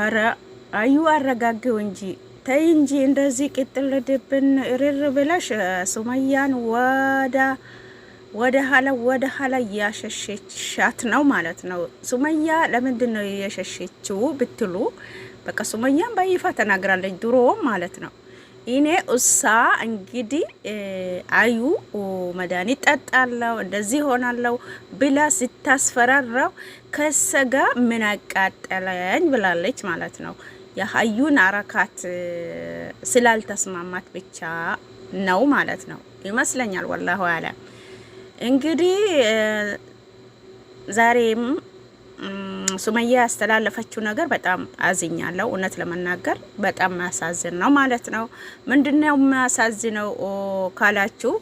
አረ አዩ አረጋገው እንጂ ተይ እንጂ እንደዚህ ቅጥል ድብን ርር ብለሽ ሱመያን ወዳ ወደ ኋላ ወደ ኋላ እያሸሸሻት ነው ማለት ነው። ሱመያ ለምንድን ነው የሸሸችው ብትሉ፣ በቃ ሱመያን በይፋ ተናግራለች ድሮ ማለት ነው። ይኔ እሳ እንግዲህ አዩ መድኃኒት ጠጣለው እንደዚህ ሆናለው ብላ ስታስፈራራው ከሰጋ ምን አቃጠለኝ ብላለች ማለት ነው። የአዩን አረካት ስላልተስማማት ብቻ ነው ማለት ነው ይመስለኛል። ወላሁ አለ እንግዲህ ዛሬም ሱመያ ያስተላለፈችው ነገር በጣም አዝኛለሁ። እውነት ለመናገር በጣም የሚያሳዝን ነው ማለት ነው። ምንድነው የሚያሳዝነው ካላችሁ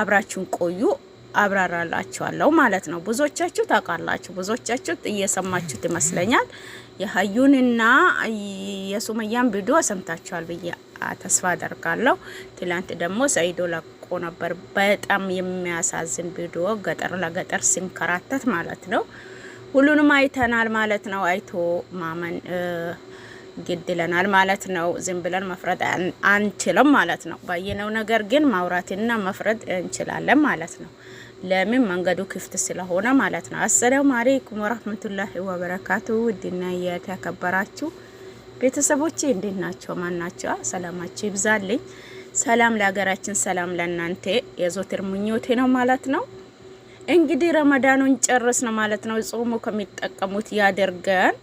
አብራችሁን ቆዩ አብራራላችኋለሁ ማለት ነው። ብዙዎቻችሁ ታውቃላችሁ፣ ብዙዎቻችሁ እየሰማችሁት ይመስለኛል። የሀዩንና የሱመያን ቪዲዮ ሰምታችኋል ብዬ ተስፋ አደርጋለሁ። ትላንት ደግሞ ሰይዶ ለቆ ነበር። በጣም የሚያሳዝን ቪዲዮ ገጠር ለገጠር ሲንከራተት ማለት ነው። ሁሉንም አይተናል ማለት ነው። አይቶ ማመን ግድለናል ማለት ነው። ዝም ብለን መፍረድ አንችልም ማለት ነው። ባየነው ነገር ግን ማውራትና መፍረድ እንችላለን ማለት ነው። ለምን መንገዱ ክፍት ስለሆነ ማለት ነው። አሰላሙ አለይኩም ወራህመቱላሂ ወበረካቱ። ውድና የተከበራችሁ ቤተሰቦቼ እንዴት ናቸው? ማን ናቸው? ሰላማችሁ ይብዛልኝ። ሰላም ለሀገራችን፣ ሰላም ለእናንተ የዞትር ምኞቴ ነው ማለት ነው። እንግዲህ ረመዳኑን ጨረስን ማለት ነው። ጾሙ ከሚጠቀሙት ያደርገን።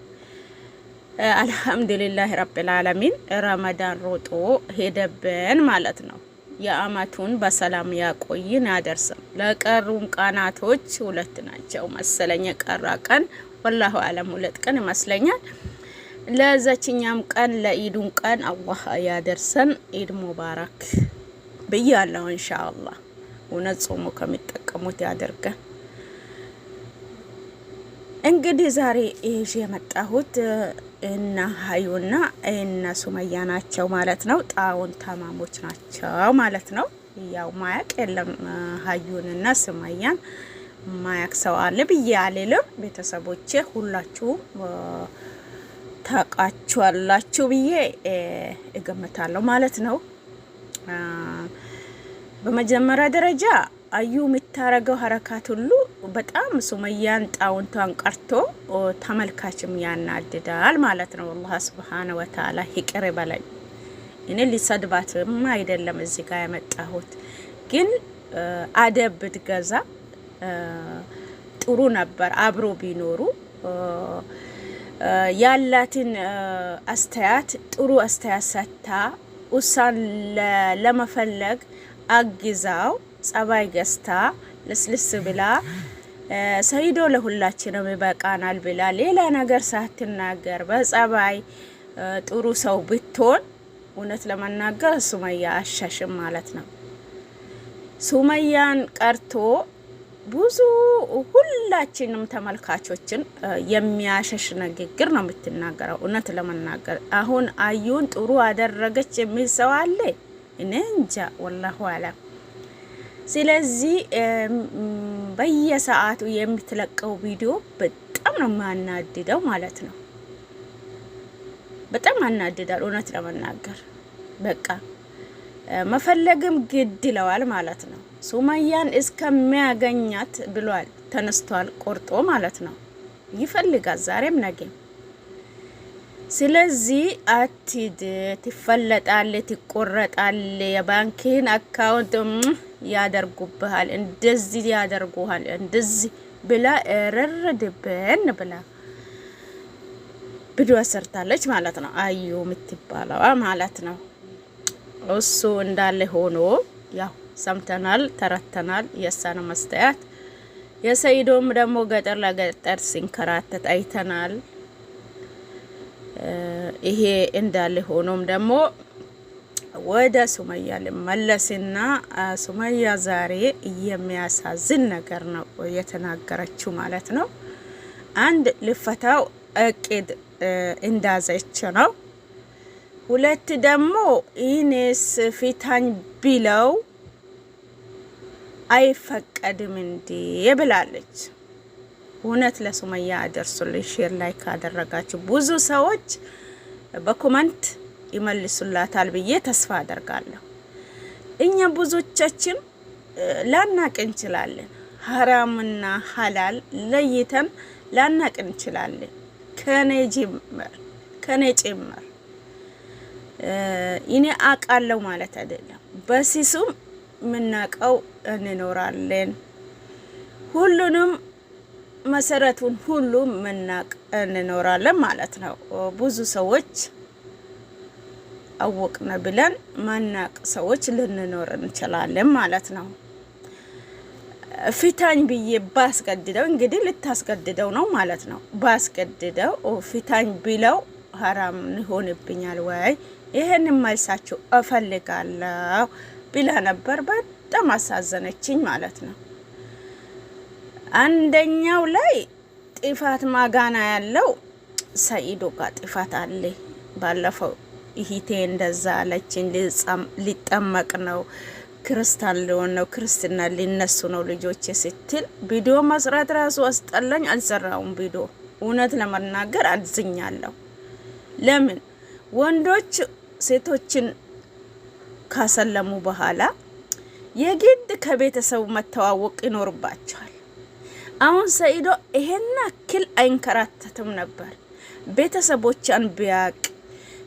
አልሐምዱሊላህ ረብል ዓለሚን ረመዳን ሮጦ ሄደብን ማለት ነው። የአመቱን በሰላም ያቆይን ያደርሰን። ለቀሩም ቀናቶች ሁለት ናቸው መሰለኝ የቀራ ቀን ወላሁ አለም ሁለት ቀን ይመስለኛል። ለዛችኛም ቀን ለኢዱን ቀን አላህ ያደርሰን። ኢድ ሙባረክ ብያለሁ። ኢንሻአላህ እውነት ጾሙ ከሚጠ እንዲጠቀሙት ያደርገን። እንግዲህ ዛሬ ይዤ የመጣሁት እና ሀዩና እና ሱመያ ናቸው ማለት ነው። ጣውን ታማሞች ናቸው ማለት ነው። ያው ማያቅ የለም ሀዩንና ሱመያን ማያቅ ሰው አለ ብዬ አልልም። ቤተሰቦቼ ሁላችሁም ታውቃችኋላችሁ ብዬ እገምታለሁ ማለት ነው። በመጀመሪያ ደረጃ አዩ የምታረገው ሀረካት ሁሉ በጣም ሱመያን ጣውንቷን ቀርቶ ተመልካችም ያናድዳል ማለት ነው። አላህ ስብሓነ ወተዓላ ይቅር በለኝ። እኔ ሊሰድባትም አይደለም እዚህ ጋር የመጣሁት ግን አደብ ብትገዛ ጥሩ ነበር። አብሮ ቢኖሩ ያላትን አስተያየት ጥሩ አስተያየት ሰጥታ ውሳን ለመፈለግ አግዛው ጸባይ ገዝታ ልስልስ ብላ ሰይዶ ለሁላችንም ይበቃናል ብላ ሌላ ነገር ሳትናገር በጸባይ ጥሩ ሰው ብትሆን እውነት ለመናገር ሱመያ አሻሽም ማለት ነው። ሱመያን ቀርቶ ብዙ ሁላችንም ተመልካቾችን የሚያሸሽ ንግግር ነው የምትናገረው። እውነት ለመናገር አሁን አዩን ጥሩ አደረገች የሚል ሰው አለ። እኔ እንጃ ወላሁ አለም ስለዚህ በየሰዓቱ የምትለቀው ቪዲዮ በጣም ነው የሚያናድደው ማለት ነው። በጣም ያናድዳል እውነት ለመናገር በቃ መፈለግም ግድ ይለዋል ማለት ነው። ሱማያን እስከሚያገኛት ብሏል ተነስቷል፣ ቆርጦ ማለት ነው። ይፈልጋል ዛሬም ነገም። ስለዚህ አትሂድ፣ ትፈለጣል፣ ትቆረጣል፣ የባንክህን አካውንት ያደርጉብሃል፣ እንደዚህ ያደርጉሃል፣ እንደዚህ ብላ ረረድብን ብላ ቪዲዮ ሰርታለች ማለት ነው። አዩ የምትባለዋ ማለት ነው። እሱ እንዳለ ሆኖ ያው ሰምተናል፣ ተረተናል። የእሷን መስተያት የሰይዶም ደግሞ ገጠር ለገጠር ሲንከራተት አይተናል። ይሄ እንዳለ ሆኖም ደግሞ ወደ ሱመያ ልመለስና ሱመያ ዛሬ የሚያሳዝን ነገር ነው የተናገረችው ማለት ነው። አንድ ልፈታው እቅድ እንዳዘች ነው። ሁለት ደግሞ ኢኔስ ፊታኝ ቢለው አይፈቀድም እንዲ ብላለች። እውነት ለሱመያ አደርሱልኝ። ሼር ላይ ካደረጋችሁ ብዙ ሰዎች በኮመንት ይመልሱላታል ብዬ ተስፋ አደርጋለሁ። እኛ ብዙዎቻችን ላናቅ እንችላለን፣ ሀራምና ሀላል ለይተን ላናቅ እንችላለን። ከኔ ጭምር ከኔ ጭምር እኔ አውቃለሁ ማለት አይደለም። በሲሱም የምናቀው እንኖራለን። ሁሉንም መሰረቱን ሁሉ የምናውቅ እንኖራለን ማለት ነው ብዙ ሰዎች አወቅን ብለን ማናቅ ሰዎች ልንኖር እንችላለን ማለት ነው። ፊታኝ ብዬ ባስገድደው እንግዲህ ልታስገድደው ነው ማለት ነው። ባስገድደው ፊታኝ ብለው ሀራም ይሆንብኛል ወይ? ይህን መልሳችሁ እፈልጋለሁ ብላ ነበር። በጣም አሳዘነችኝ ማለት ነው። አንደኛው ላይ ጥፋት ማጋና ያለው ሰኢዶ ጋር ጥፋት አለ ባለፈው እህቴ እንደዛ አለችኝ። ሊጠመቅ ነው ክርስታን ሊሆን ነው ክርስትና ሊነሱ ነው ልጆቼ ስትል ቪዲዮ መስራት ራሱ አስጠላኝ። አልሰራውም ቪዲዮ እውነት ለመናገር አዝኛለሁ። ለምን ወንዶች ሴቶችን ካሰለሙ በኋላ የግድ ከቤተሰቡ መተዋወቅ ይኖርባቸዋል። አሁን ሰኢዶ ይሄን አክል አይንከራተትም ነበር ቤተሰቦቿን ቢያቅ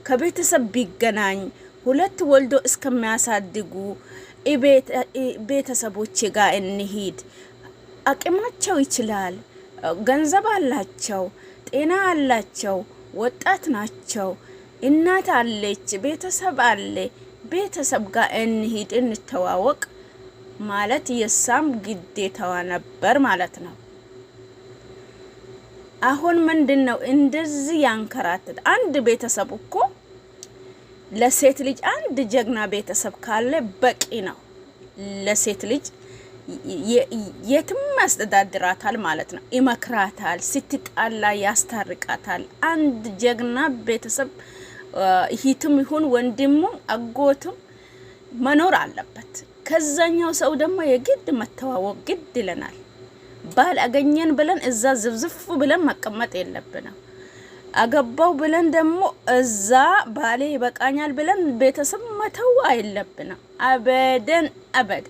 ከቤተሰብ ቢገናኝ ሁለት ወልዶ እስከሚያሳድጉ ቤተሰቦች ጋር እንሂድ። አቅማቸው ይችላል፣ ገንዘብ አላቸው፣ ጤና አላቸው፣ ወጣት ናቸው። እናት አለች፣ ቤተሰብ አለ። ቤተሰብ ጋር እንሂድ፣ እንተዋወቅ ማለት የሳም ግዴታዋ ነበር ማለት ነው። አሁን ምንድን ነው እንደዚህ ያንከራትት? አንድ ቤተሰብ እኮ ለሴት ልጅ አንድ ጀግና ቤተሰብ ካለ በቂ ነው። ለሴት ልጅ የትም ያስተዳድራታል ማለት ነው። ይመክራታል፣ ስትጣላ ያስታርቃታል። አንድ ጀግና ቤተሰብ እህትም ይሁን ወንድሙም አጎትም መኖር አለበት። ከዛኛው ሰው ደግሞ የግድ መተዋወቅ ግድ ይለናል። ባል አገኘን ብለን እዛ ዝብዝፍ ብለን መቀመጥ የለብንም። አገባው ብለን ደግሞ እዛ ባሌ ይበቃኛል ብለን ቤተሰብ መተው አይለብንም። አበደን አበደ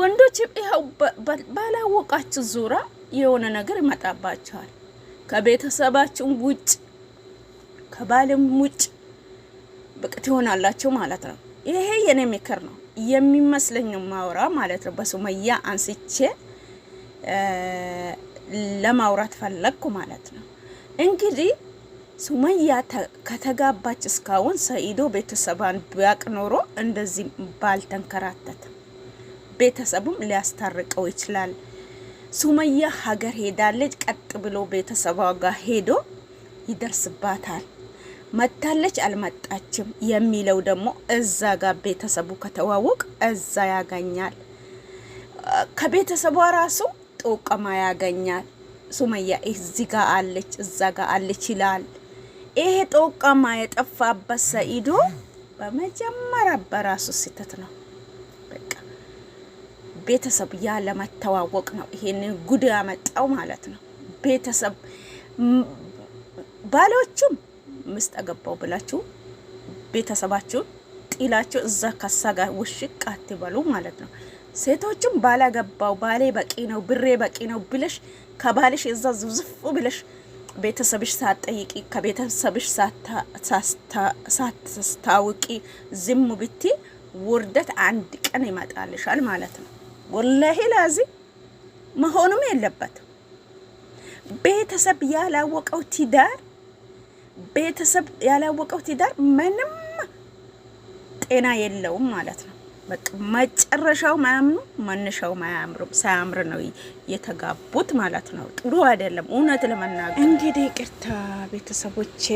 ወንዶች ይኸው ባላወቃችሁ ዙራ የሆነ ነገር ይመጣባቸዋል። ከቤተሰባችን ውጭ ከባልም ውጭ ብቅ ትሆናላችሁ ማለት ነው። ይሄ የኔ ምክር ነው። የሚመስለኝ ማውራ ማለት ነው። በሱመያ አንስቼ ለማውራት ፈለግኩ ማለት ነው። እንግዲህ ሱመያ ከተጋባች እስካሁን ሰኢዶ ቤተሰባን ቢያቅ ኖሮ እንደዚህ ባልተንከራተተ፣ ቤተሰቡም ሊያስታርቀው ይችላል። ሱመያ ሀገር ሄዳለች። ቀጥ ብሎ ቤተሰቧ ጋር ሄዶ ይደርስባታል። መታለች አልመጣችም የሚለው ደግሞ እዛ ጋር ቤተሰቡ ከተዋወቅ እዛ ያገኛል። ከቤተሰቧ ራሱ ጦቀማ ያገኛል። ሱመያ እዚህ ጋር አለች፣ እዛ ጋር አለች ይላል። ይሄ ጦቀማ የጠፋበት ሰኢዶ በመጀመሪያ በራሱ ስህተት ነው። በቃ ቤተሰብ ያለመተዋወቅ ነው ይሄን ጉድ ያመጣው ማለት ነው። ቤተሰብ ባሎቹም ምስጥ አገባው ብላችሁ ቤተሰባችሁን ጥላችሁ እዛ ከሳ ጋር ውሽቅ አትበሉ ማለት ነው። ሴቶችም ገባው ባሌ በቂ ነው ብሬ በቂ ነው ብለሽ ከባልሽ እዛ ዝፍዝፍ ብለሽ ቤተሰብሽ ሳትጠይቂ ከቤተሰብሽ ሳታውቂ ዝም ብቲ ውርደት አንድ ቀን ይመጣልሻል ማለት ነው። ወላሂ ላዚ መሆኑም የለበትም። ቤተሰብ ያላወቀው ትዳር ቤተሰብ ያላወቀው ትዳር ምንም ጤና የለውም ማለት ነው። በቃ መጨረሻው ማያምኑ መነሻው ማያምሩ ሳያምር ነው የተጋቡት ማለት ነው። ጥሩ አይደለም እውነት ለመናገር እንግዲህ ቅርታ ቤተሰቦቼ፣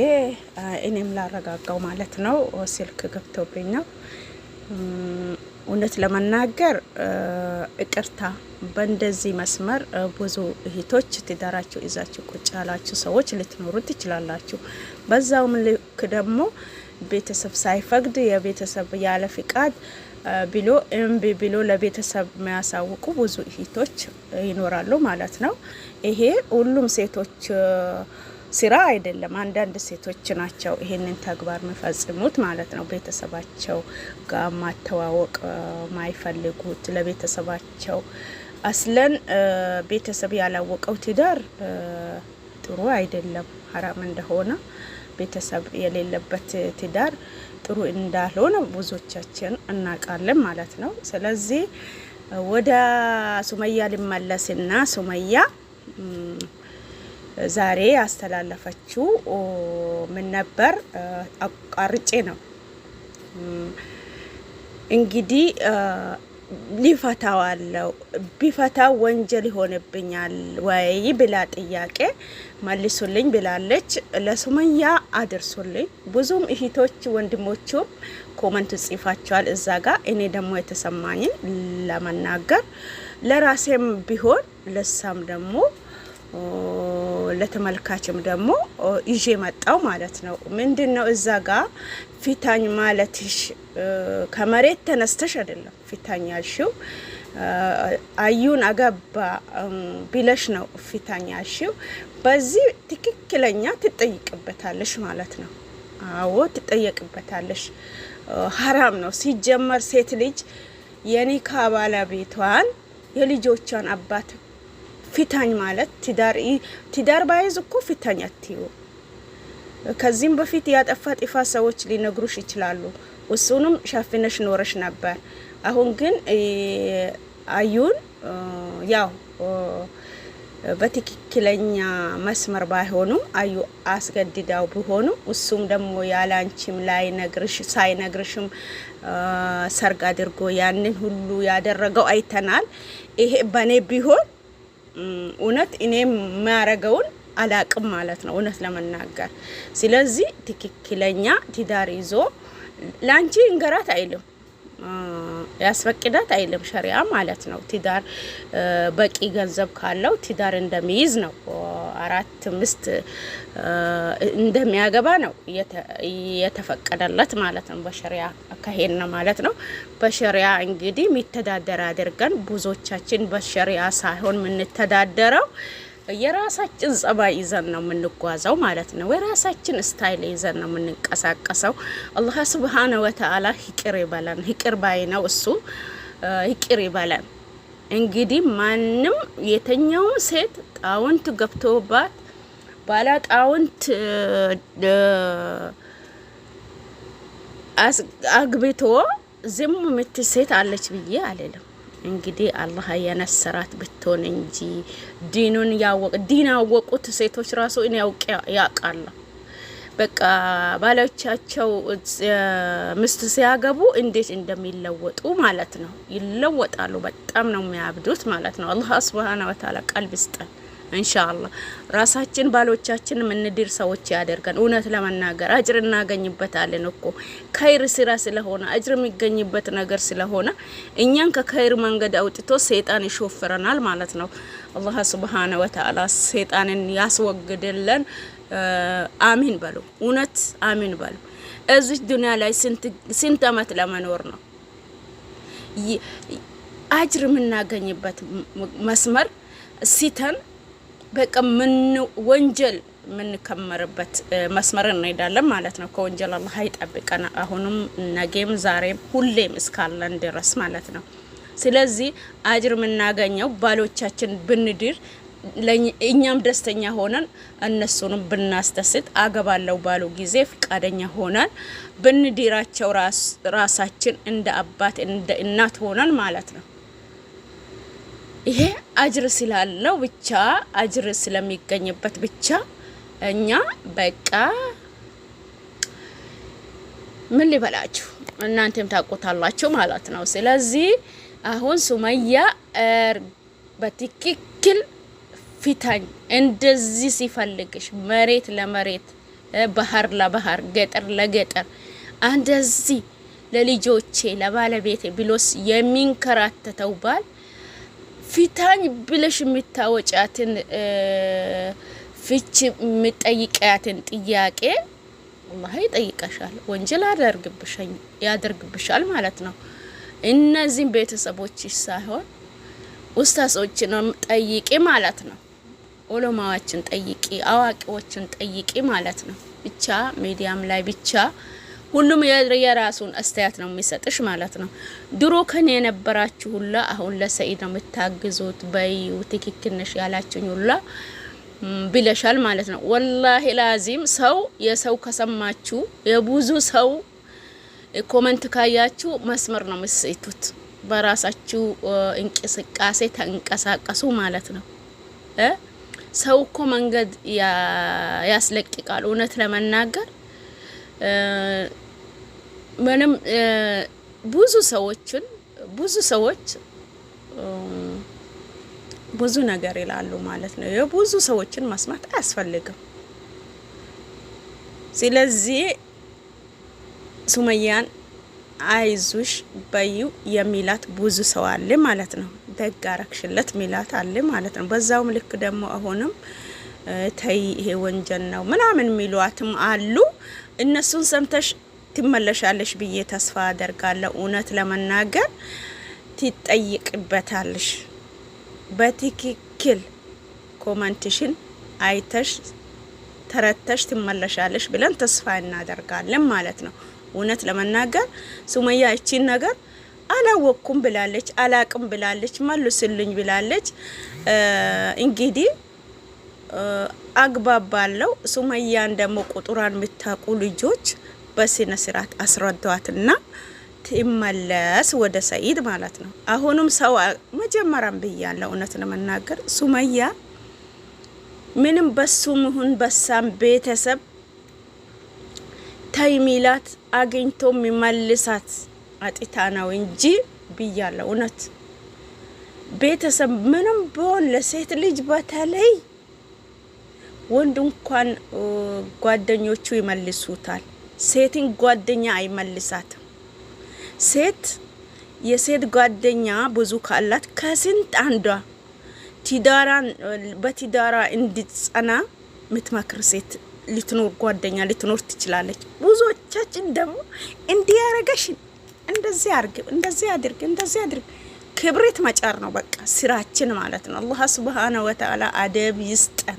እኔም ላረጋጋው ማለት ነው። ስልክ ገብቶብኝ ነው። እውነት ለመናገር እቅርታ በእንደዚህ መስመር ብዙ እህቶች ትዳራቸው ይዛችሁ ቁጭ ያላችሁ ሰዎች ልትኖሩ ትችላላችሁ። በዛውም ልክ ደግሞ ቤተሰብ ሳይፈቅድ የቤተሰብ ያለ ፍቃድ ብሎ እምቢ ብሎ ለቤተሰብ የሚያሳውቁ ብዙ እህቶች ይኖራሉ ማለት ነው። ይሄ ሁሉም ሴቶች ስራ አይደለም። አንዳንድ ሴቶች ናቸው ይሄንን ተግባር የሚፈጽሙት ማለት ነው። ቤተሰባቸው ጋር ማተዋወቅ ማይፈልጉት ለቤተሰባቸው አስለን ቤተሰብ ያላወቀው ትዳር ጥሩ አይደለም፣ ሀራም እንደሆነ ቤተሰብ የሌለበት ትዳር ጥሩ እንዳልሆነ ብዙዎቻችን እናውቃለን ማለት ነው። ስለዚህ ወደ ሱመያ ልመለስና ሱመያ ዛሬ ያስተላለፈችው ምን ነበር? አቋርጬ ነው እንግዲህ ሊፈታው አለው ቢፈታው ወንጀል ይሆንብኛል ወይ ብላ ጥያቄ መልሱልኝ ብላለች። ለሱመያ አድርሱልኝ። ብዙም እህቶች ወንድሞቹም ኮመንት ጽፋቸዋል እዛ ጋር። እኔ ደግሞ የተሰማኝን ለመናገር ለራሴም ቢሆን ለሳም ደግሞ ለተመልካችም ደግሞ ይዤ መጣው ማለት ነው። ምንድን ነው እዛ ጋ ፊታኝ ማለትሽ ከመሬት ተነስተሽ አይደለም ፊታኝ ያልሽው አዩን አገባ ቢለሽ ነው ፊታኝ ያልሽው። በዚህ ትክክለኛ ትጠይቅበታለሽ ማለት ነው። አዎ ትጠየቅበታለሽ። ሀራም ነው ሲጀመር ሴት ልጅ የኒካ ባለቤቷን የልጆቿን አባት ፊታኝ ማለት ትዳር ትዳር ባይዝ እኮ ፊታኝ አትዩ። ከዚህም በፊት ያጠፋ ጥፋ ሰዎች ሊነግሩሽ ይችላሉ። እሱንም ሻፊነሽ ኖረሽ ነበር። አሁን ግን አዩን ያው በትክክለኛ መስመር ባይሆኑም አዩ አስገድዳው ቢሆኑም እሱም ደግሞ ያላንቺም ላይ ነግርሽ ሳይነግርሽም ሰርግ አድርጎ ያንን ሁሉ ያደረገው አይተናል። ይሄ በኔ ቢሆን እውነት እኔ የማያረገውን አላቅም ማለት ነው እውነት ለመናገር። ስለዚህ ትክክለኛ ትዳር ይዞ ለአንቺ እንገራት አይልም ያስፈቅዳት አይልም ሸሪያ ማለት ነው። ትዳር በቂ ገንዘብ ካለው ትዳር እንደሚይዝ ነው አራት ምስት እንደሚያገባ ነው የተፈቀደለት ማለት ነው። በሸሪያ አካሄድ ነው ማለት ነው። በሸሪያ እንግዲህ የሚተዳደር አድርገን ብዙዎቻችን በሸሪያ ሳይሆን የምንተዳደረው የራሳችን ጸባይ ይዘን ነው የምንጓዘው ማለት ነው። የራሳችን ስታይል ይዘን ነው የምንንቀሳቀሰው። አላህ ስብሓነ ወተዓላ ይቅር ይበለን። ይቅር ባይ ነው እሱ። ይቅር ይበለን። እንግዲህ ማንም የተኛውም ሴት ጣውንት ገብቶባት ባላ ጣውንት አግብቶ ዝም ምት ሴት አለች ብዬ አልልም። እንግዲህ አላህ የነሰራት ብትሆን እንጂ ዲኑን ያወቅ ዲን ያወቁት ሴቶች ራሱ እኔ ያውቅ ያውቃለሁ በቃ ባሎቻቸው ምስት ሲያገቡ እንዴት እንደሚለወጡ ማለት ነው። ይለወጣሉ። በጣም ነው የሚያብዱት ማለት ነው። አላህ ስብሃነ ወተዓላ ቀልብ ይስጠን። ኢንሻአላህ ራሳችን ባሎቻችን የምንድር ሰዎች ያደርገን። እውነት ለመናገር አጅር እናገኝበታለን እኮ ከይር ስራ ስለሆነ አጅር የሚገኝበት ነገር ስለሆነ እኛን ከከይር መንገድ አውጥቶ ሰይጣን ይሾፍረናል ማለት ነው። አላህ ስብሃነ ወተዓላ ሰይጣንን ያስወግድልን። አሚን በሉ። እውነት አሚን በሉ። እዚህ ዱንያ ላይ ስንት አመት ለመኖር ነው? አጅር የምናገኝበት መስመር ሲተን በቃ ምን ወንጀል የምንከመርበት መስመር እንሄዳለን ማለት ነው። ከወንጀል አላህ ይጠብቀን። አሁንም ነገም፣ ዛሬም ሁሌም እስካለን ድረስ ማለት ነው። ስለዚህ አጅር የምናገኘው ባሎቻችን ብንድር እኛም ደስተኛ ሆነን እነሱንም ብናስደስት አገባለው ባሉ ጊዜ ፈቃደኛ ሆነን ብንዲራቸው ራሳችን እንደ አባት እንደ እናት ሆነን ማለት ነው። ይሄ አጅር ስላለው ብቻ አጅር ስለሚገኝበት ብቻ እኛ በቃ ምን ሊበላችሁ እናንተም ታውቁታላችሁ ማለት ነው። ስለዚህ አሁን ሱመያ በትክክል ፊታኝ እንደዚህ ሲፈልግሽ መሬት ለመሬት ባህር ለባህር ገጠር ለገጠር እንደዚህ ለልጆቼ ለባለቤቴ ብሎስ የሚንከራተተው ባል ፊታኝ ብለሽ የምታወጫትን ፍች የምጠይቀያትን ጥያቄ ወላሂ ይጠይቀሻል። ወንጀል ያደርግብሻል ማለት ነው። እነዚህም ቤተሰቦች ሳይሆን ውስታሶችን ጠይቂ ማለት ነው። ኦሎማዎችን ጠይቂ፣ አዋቂዎችን ጠይቂ ማለት ነው። ብቻ ሚዲያም ላይ ብቻ ሁሉም የራሱን አስተያየት ነው የሚሰጥሽ ማለት ነው። ድሮ ከኔ የነበራችሁ ሁላ አሁን ለሰኢድ ነው የምታግዙት። በይው ትክክል ነሽ ያላችሁኝ ሁላ ብለሻል ማለት ነው። ወላሂ ላዚም ሰው የሰው ከሰማችሁ የብዙ ሰው ኮመንት ካያችሁ መስመር ነው የምትስቱት። በራሳችሁ እንቅስቃሴ ተንቀሳቀሱ ማለት ነው። ሰው እኮ መንገድ ያስለቅቃል። እውነት ለመናገር ምንም ብዙ ሰዎችን ብዙ ሰዎች ብዙ ነገር ይላሉ ማለት ነው። የብዙ ሰዎችን መስማት አያስፈልግም። ስለዚህ ሱመያን አይዞሽ በዩ የሚላት ብዙ ሰው አለ ማለት ነው። ደግ አረግሽለት ሚላት አለ ማለት ነው። በዛውም ልክ ደግሞ አሁንም ተይ ይሄ ወንጀል ነው ምናምን ሚሏትም አሉ። እነሱን ሰምተሽ ትመለሻለሽ ብዬ ተስፋ አደርጋለሁ። እውነት ለመናገር ትጠይቅበታለሽ በትክክል ኮመንትሽን አይተሽ ተረተሽ ትመለሻለሽ ብለን ተስፋ እናደርጋለን ማለት ነው። እውነት ለመናገር ሱመያ እቺን ነገር አላወቅኩም ብላለች፣ አላቅም ብላለች፣ መልሱልኝ ብላለች። እንግዲህ አግባባለው። ሱመያን ደግሞ ቁጥሯን የምታውቁ ልጆች በስነ ስርዓት አስረዷትና ትመለስ ወደ ሰይድ ማለት ነው። አሁንም ሰው መጀመሪያም ብያለሁ፣ እውነት ለመናገር ሱመያ ምንም በሱም ይሁን በሳም ቤተሰብ ተይ ሚላት አግኝቶ የሚመልሳት አጥታ ነው እንጂ ብያለሁ። እውነት ቤተሰብ ምንም ቢሆን ለሴት ልጅ በተለይ ወንድ እንኳን ጓደኞቹ ይመልሱታል፣ ሴትን ጓደኛ አይመልሳትም። ሴት የሴት ጓደኛ ብዙ ካላት ከስንት አንዷ ትዳራን በትዳራ እንድትጸና ምትመክር ሴት ልትኖር ጓደኛ ልትኖር ትችላለች። ብዙዎቻችን ደግሞ እንዲህ ያረገሽን እንደዚህ አርግ፣ እንደዚህ አድርግ፣ እንደዚህ አድርግ ክብሬት መጫር ነው በቃ ስራችን ማለት ነው። አላህ ስብሃነ ወተዓላ አደብ ይስጠን።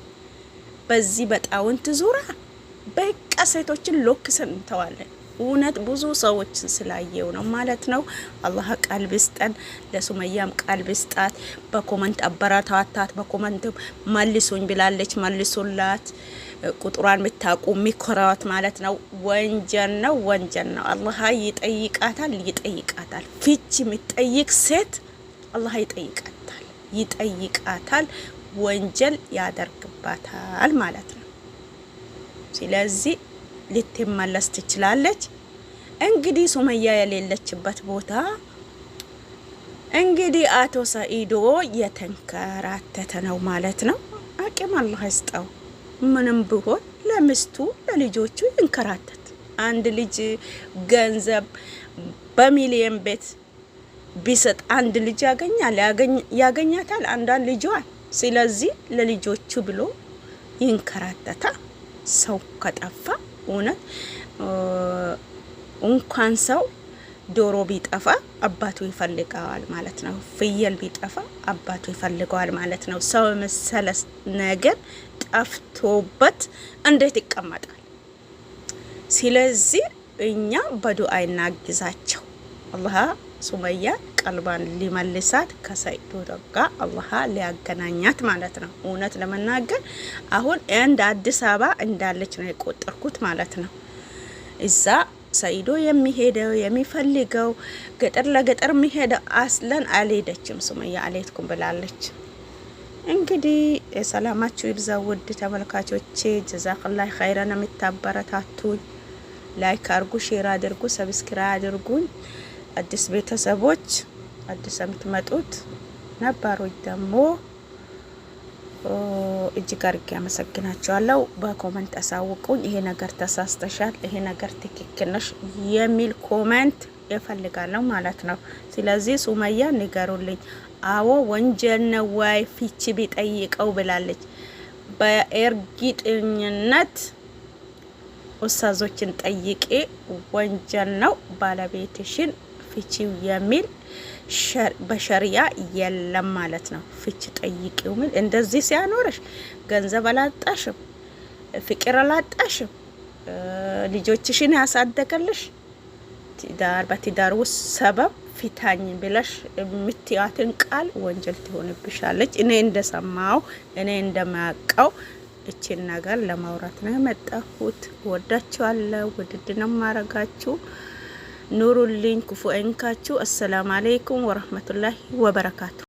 በዚህ በጣውንት ዙራ በቃ ሴቶችን ሎክሰን እንተዋለን። እውነት ብዙ ሰዎችን ስላየው ነው ማለት ነው። አላህ ቀልብ ስጠን፣ ለሱመያም ቀልብ ስጣት። በኮመንት አበረታታት። በኮመንት መልሱኝ ብላለች፣ መልሱላት። ቁጥሯን የምታውቁ የሚኮራት ማለት ነው። ወንጀል ነው፣ ወንጀል ነው። አላህ ይጠይቃታል፣ ይጠይቃታል። ፍቺ የሚጠይቅ ሴት አላህ ይጠይቃታል፣ ይጠይቃታል፣ ወንጀል ያደርግባታል ማለት ነው። ስለዚህ ልትመለስ ትችላለች። እንግዲህ ሱመያ የሌለችበት ቦታ እንግዲህ አቶ ሰኢዶ የተንከራተተ ነው ማለት ነው። አቂም አላህ ይስጠው። ምንም ብሆን ለሚስቱ ለልጆቹ ይንከራተት። አንድ ልጅ ገንዘብ በሚሊየን ቤት ቢሰጥ አንድ ልጅ ያገኛል ያገኛታል አንዳንድ ልጅዋል። ስለዚህ ለልጆቹ ብሎ ይንከራተታ። ሰው ከጠፋ እውነት እንኳን ሰው ዶሮ ቢጠፋ አባቱ ይፈልገዋል ማለት ነው። ፍየል ቢጠፋ አባቱ ይፈልገዋል ማለት ነው። ሰው የመሰለ ነገር ጠፍቶበት እንዴት ይቀመጣል? ስለዚህ እኛ በዱዓ እናግዛቸው። አላህ ሱመያ ቀልባን ሊመልሳት ከሰይዱ ደጋ አላህ ሊያገናኛት ማለት ነው። እውነት ለመናገር አሁን እንደ አዲስ አበባ እንዳለች ነው የቆጠርኩት ማለት ነው። እዛ ሰይዶ የሚሄደው የሚፈልገው ገጠር ለገጠር የሚሄደው አስለን አልሄደችም። ሱመያ አልሄድኩም ብላለች። እንግዲህ ሰላማችሁ ይብዛ ውድ ተመልካቾቼ። ጀዛክላይ ኸይረን የምታበረታቱኝ ላይክ አድርጉ፣ ሼር አድርጉ፣ ሰብስክራይ አድርጉኝ። አዲስ ቤተሰቦች አዲስ የምትመጡት ነባሮች ደግሞ እጅግ አድርጌ አመሰግናችኋለሁ። በኮመንት አሳውቁኝ። ይሄ ነገር ተሳስተሻል፣ ይሄ ነገር ትክክል ነሽ የሚል ኮመንት እፈልጋለሁ ማለት ነው። ስለዚህ ሱመያ ንገሩልኝ። አዎ ወንጀል ነው ወይ ፍቺ ቢጠይቀው ብላለች። በእርግጠኝነት ኡስታዞችን ጠይቄ ወንጀል ነው ባለቤትሽን ፍቺው የሚል በሸሪያ የለም ማለት ነው። ፍቺ ጠይቂው ምን እንደዚህ ሲያኖረሽ ገንዘብ አላጣሽም፣ ፍቅር አላጣሽም፣ ልጆችሽን ያሳደገልሽ ትዳር በትዳር ውስጥ ሰበብ ፊታኝ ብለሽ የምትያትን ቃል ወንጀል ትሆንብሻለች። እኔ እንደሰማው እኔ እንደማያውቀው እችን ነገር ለማውራት ነው የመጣሁት። ወዳችኋለሁ። ውድድ ነው ማረጋችሁ። ኑሩልኝ፣ ክፉ አይንካችሁ። አሰላሙ አለይኩም ወረህመቱላሂ ወበረካቱ።